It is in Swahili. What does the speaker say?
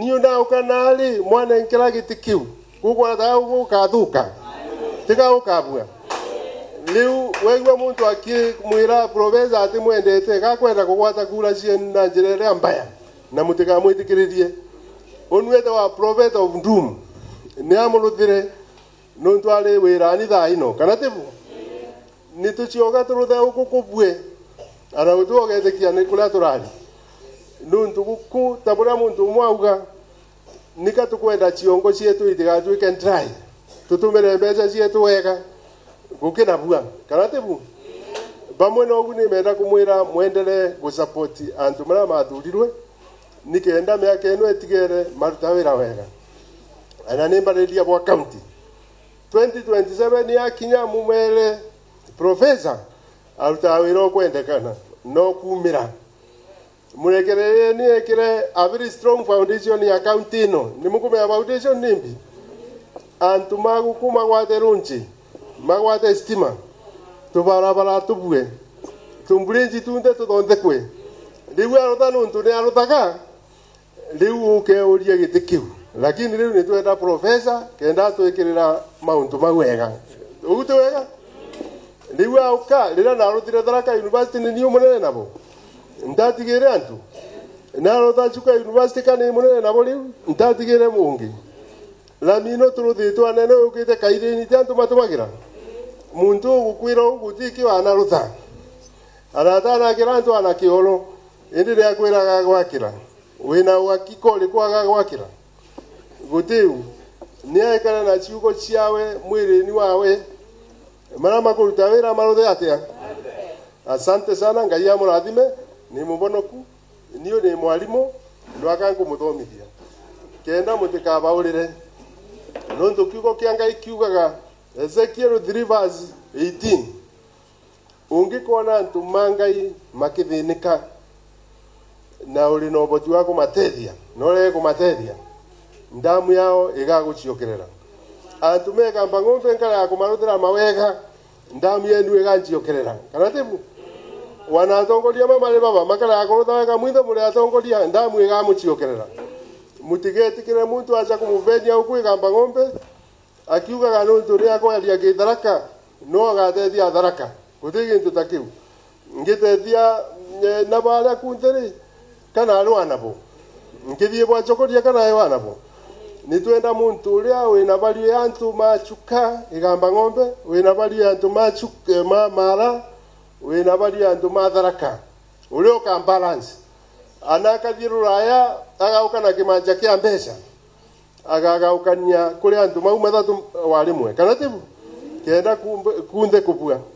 niyo na ukanali mwana nkira gitikiu gukora ta gukathuka tika ukabua liu wewe mtu aki akimwira profesa ati mwendete gakwenda kugwata kula cienu na njira iria mbaya na mutikamwitikiririe unwete wa prophet of doom ni amuruthire nuntu ari wirani thaa no kana tibu nitucioka turuthe uku kubue ana gutwogetekia ni kuria turari nuntu guku ta buria muntu mwauga nika tukwenda chiongo cietu itigatuike dry tutumire mbeca cietu wega gukina bua kana tibu bamwe na ugu nimenda kumwira mwendelee gusupport antu maria mathurirwe nikenda miaka ino etigere maruta wira wega ana nimbariria gwa county 2027 yakinya mumere professor aruta wira okwendekana no kumira murekerere niekire a strong foundation ya county ino nimukumea foundation nimbi antu maguku magwate runchi magwate stima tubarabara tubue tumburinji tunde tuthondekwe riu arutha nuntu niaruthaga riu ukeurie giti kiu lakini riu nitwenda profesa kenda twikirira mauntu mau wega ugu ti wega riu auka rira narutire tharaka university ni niu munene nabo ntatigire antu narothacuka university kana munene nabo riu ntatigire mungi ramino turuthitwe anene ukite kairĩini tia antu matumagira muntu ugukwira gutiki wanarutha aratanakira antu ana kĩoro indi ria kwiraga gwakira wina uhakiko likwaga gwakira gutiu niaikara na ciugo ciawe mwirĩini wawe maria makũruta wĩra maruthe atia asante sana ngai amũrathime ni mubonoku niyo ni mwalimu akangu muthomithia kenda mutikabaurire nondu kiugo kia ngai kiugaga Ezekiel 3 verse 18 ungikona antu mangai makithinika na uri na uboti wa kumatethia no rege kumatethia ndamu yao igaguciokerera antu megamba ng'ombe nkara ya kumaruthira mawega ndamu yenu iganjiokerera kana tibu wanatongoria mamari baba makarakorothaga mwithe muriatongoria ndamwiga amuciokerera mutigetikire muntu aja kumuvenia ukwigamba ng'ombe akiugaga nuntu riakwaria githaraka no agatethia tharaka guti gintu ta kiu ngitethia e, nabo aria kunthiri kana ari wanabo ngithie bwacokoria kana ari wanabo nitwenda muntu uria wina valio ya antu machuka igamba ng'ombe wina valio ya antu machuka mamara e, ma wina barie antu ma tharaka uria uka balance anaakathirura ya agaukana kimanja kia mbeca agagaukania kuri antu mau matatu warimwe kana tiu kenda kunthe kubua